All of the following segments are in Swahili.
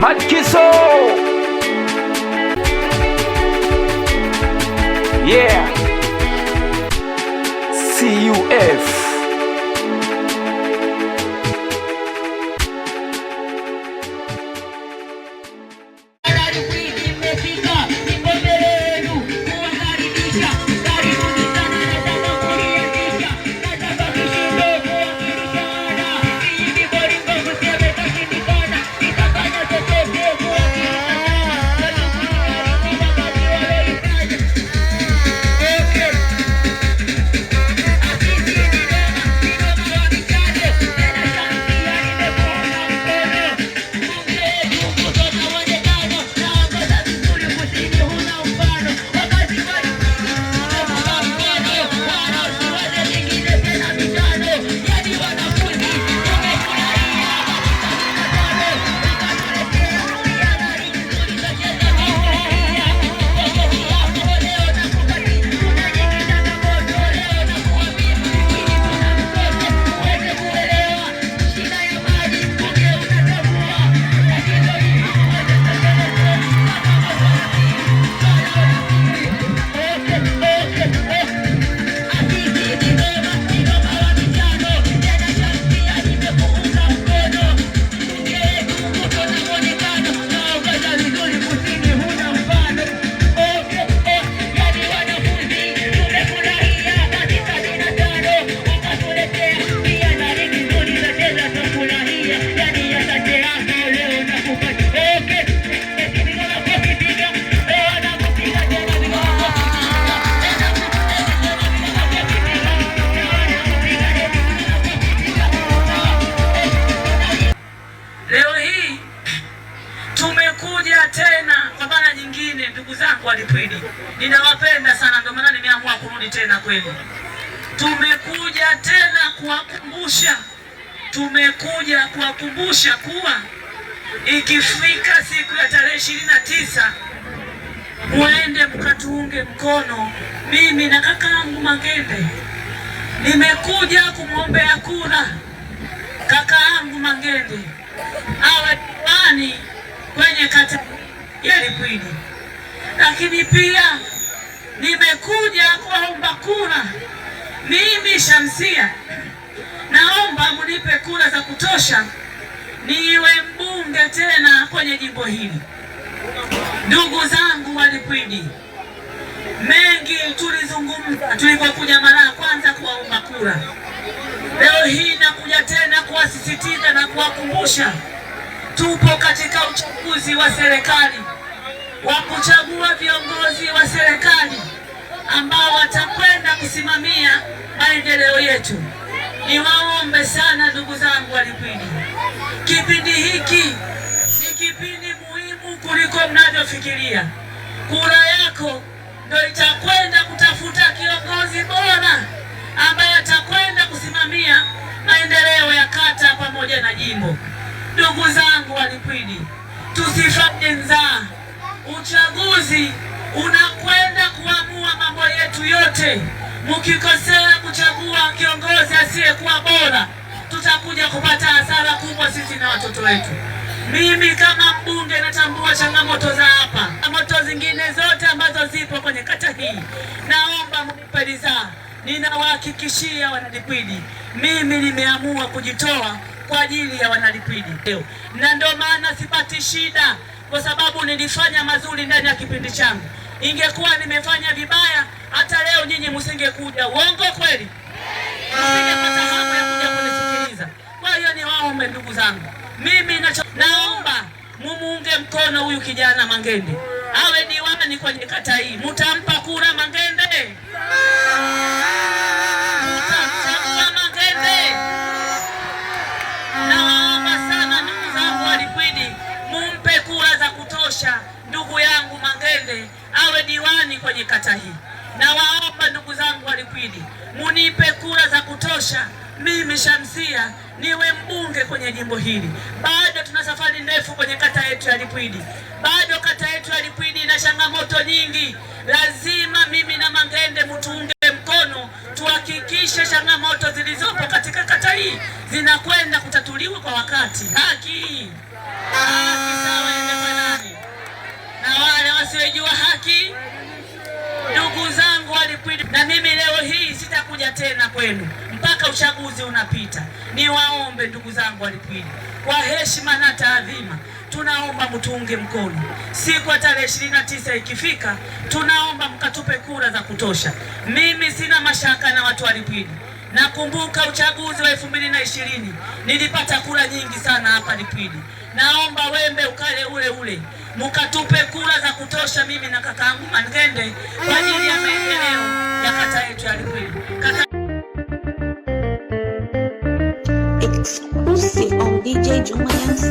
Mad Kisso. Yeah. CUF. sana, ndio maana nimeamua kurudi tena kwenu. Tumekuja tena kuwakumbusha, tumekuja kuwakumbusha kuwa ikifika siku ya tarehe ishirini na tisa muende mkatuunge mkono. Mimi na kakaangu Mangembe nimekuja kumwombea kura kakaangu Mangembe awe diwani kwenye kata ya Lipwidi, lakini pia nimekuja kuomba kura. Mimi Shamsia, naomba mnipe kura za kutosha niwe mbunge tena kwenye jimbo hili. Ndugu zangu wa Lipwidi, mengi tulizungumza tulipokuja mara ya kwanza kuwaomba kura. Leo hii nakuja tena kuwasisitiza na kuwakumbusha, tupo katika uchaguzi wa serikali wa kuchagua viongozi wa serikali ambao watakwenda kusimamia maendeleo yetu. Niwaombe sana ndugu zangu Walikwini, kipindi hiki ni kipindi muhimu kuliko mnavyofikiria. Kura yako ndio itakwenda kutafuta kiongozi bora ambaye atakwenda kusimamia maendeleo ya kata pamoja na jimbo. Ndugu zangu Walikwini, tusifanye nzaa uchaguzi unakwenda kuamua mambo yetu yote. Mkikosea kuchagua kiongozi asiyekuwa bora, tutakuja kupata hasara kubwa sisi na watoto wetu. Mimi kama mbunge natambua changamoto za hapa, changamoto zingine zote ambazo zipo kwenye kata hii, naomba mnipe ridhaa. Ninawahakikishia Wanadipwidi, mimi nimeamua kujitoa kwa ajili ya Wanalipidi leo, na ndio maana sipati shida, kwa sababu nilifanya mazuri ndani ya kipindi changu. Ingekuwa nimefanya vibaya, hata leo nyinyi msingekuja. Uongo kweli? Msingepata hamu ya kuja kunisikiliza. Kwa hiyo ni waombe ndugu zangu, mimi nacho, naomba mumuunge mkono huyu kijana Mangende awe diwani kwenye kata hii. Mtampa kura Mangende? Wahafidh, munipe kura za kutosha mimi Shamsia niwe mbunge kwenye jimbo hili. Bado tuna safari ndefu kwenye kata yetu ya Lipwidi, bado kata yetu ya Lipwidi ina changamoto nyingi. Lazima mimi na Mangende mtuunge mkono, tuhakikishe changamoto zilizopo katika kata hii zinakwenda kutatuliwa kwa wakati. haki, haki sawa kuja tena kwenu mpaka uchaguzi unapita. Niwaombe ndugu zangu Walipwili, kwa heshima na taadhima, tunaomba mtuunge mkono siku ya tarehe ishirini na tisa ikifika, tunaomba mkatupe kura za kutosha. Mimi sina mashaka na watu Walipwili. Nakumbuka uchaguzi wa elfu mbili na ishirini nilipata kura nyingi sana hapa Lipwili. Naomba wembe ukale ule ule mkatupe kura za kutosha, mimi na kaka yangu Mangende kwa ajili ya maendeleo ya kata yetu ya Lipweli. Exclusive on DJ Juma Yams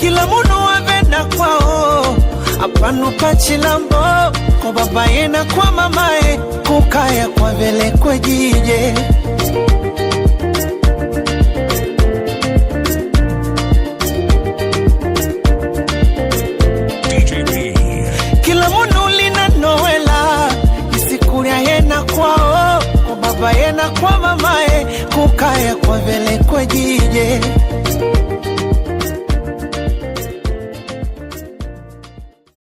kila munu avenda kwao apanuka chilambo kwa babaye na kwa mamaye kukaya kwa kwa jije kila munu lina nowela isikulyaye na kwao kwa babaye na kwa mamae